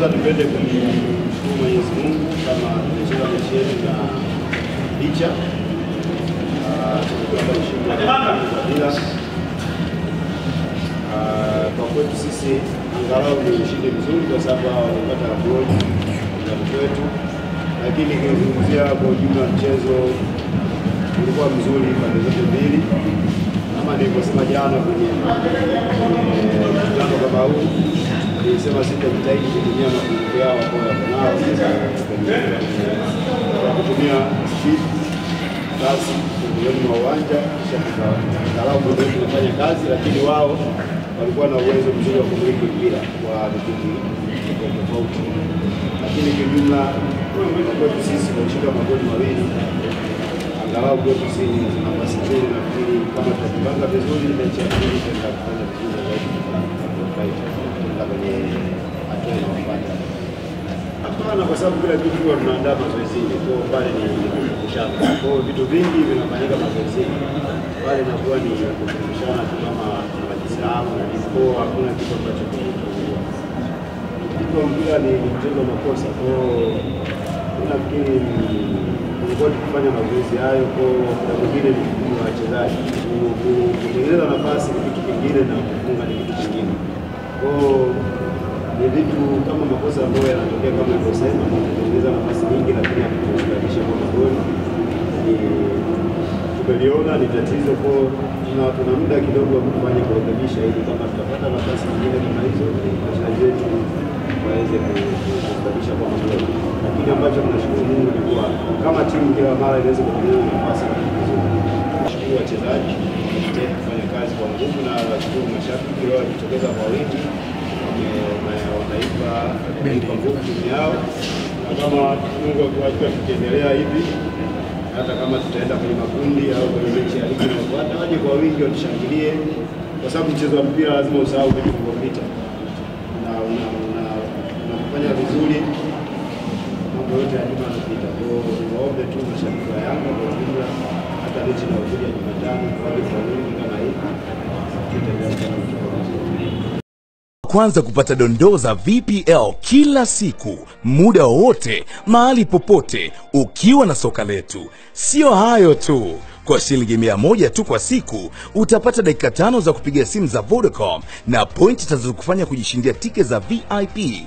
kwanza tupende kumshukuru Mwenyezi Mungu kama tumecheza mechi yetu na licha ah, tumekwenda ah, Kwa kwetu sisi angalau ni ushindi mzuri, kwa sababu hawa walipata goli za kwetu, lakini kizungumzia kwa ujumla mchezo ulikuwa mzuri pande zote mbili, kama nilivyosema jana kwenye eh, mkutano kama huu nilisema sitajitahidi kutumia mapungufu yao ambayo yako nao kwa kutumia spidi kasi pembezoni mwa uwanja, kisha angalau pembezoni tunafanya kazi, lakini wao walikuwa na uwezo mzuri wa kumiliki mpira kwa vipindi tofauti, lakini kijumla kwetu sisi kwa kushinda magoli mawili angalau kwetu sisi nafasi nzuri, nafikiri kama tutapanga vizuri mechi ya pili tutaenda kufanya vizuri zaidi hatua inayofuata? Hapana, kwa sababu kila kitu huwa tunaandaa mazoezini, kwa pale ni kushana. Kwa vitu vingi vinafanyika mazoezini pale, inakuwa ni kukumbushana tu kama Waislamu na mkoa, hakuna kitu ambacho kinakuwa mpira ni mchezo wa makosa, kwa hiyo nafikiri kulikoti kufanya mazoezi hayo ko na mwingine ni kumu wachezaji kutengeneza nafasi ni kitu kingine na kufunga ni kitu kingine. Kwa ni vitu kama makosa ambayo yanatokea kama nilivyosema, tumetengeneza nafasi nyingi, lakini hatukuunganisha kwa magoli. Tumeliona ni tatizo ko na tuna muda kidogo wa kufanya kurekebisha, ili kama tutapata nafasi nyingine kama hizo, wachezaji wetu waweze kurekebisha kwa magoli. Lakini ambacho tunashukuru Mungu ni kuwa kama timu kila mara inaweza kutengeneza nafasi washukuru wachezaji kufanya kazi kwa nguvu na washukuru mashabiki leo wamejitokeza kwa wingi, wanaipa kwa nguvu timu yao, na kama Mungu akiwajua tukiendelea hivi hata kama tutaenda kwenye makundi au kwenye mechi ya ligi inayofuata, waje kwa wingi watushangilie, kwa sababu mchezo wa mpira lazima usahau vitu vilivyopita na unafanya vizuri, mambo yote ya nyuma yanapita. Kwa hiyo niwaombe tu mashabiki wa Yanga kwanza kupata dondoo za VPL kila siku, muda wowote, mahali popote, ukiwa na soka letu. Sio hayo tu, kwa shilingi mia moja tu kwa siku utapata dakika tano za kupiga simu za Vodacom na pointi tazokufanya kujishindia tike za VIP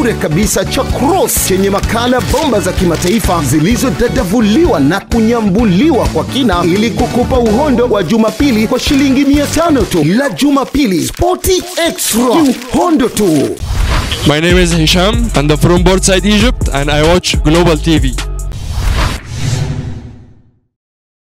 bure kabisa cha Cross chenye makala bomba za kimataifa zilizodadavuliwa na kunyambuliwa kwa kina ili kukupa uhondo wa Jumapili kwa shilingi mia tano tu. La Jumapili Sporty Extra, uhondo tu. My name is Hisham and I'm from Port Said Egypt and I watch Global TV.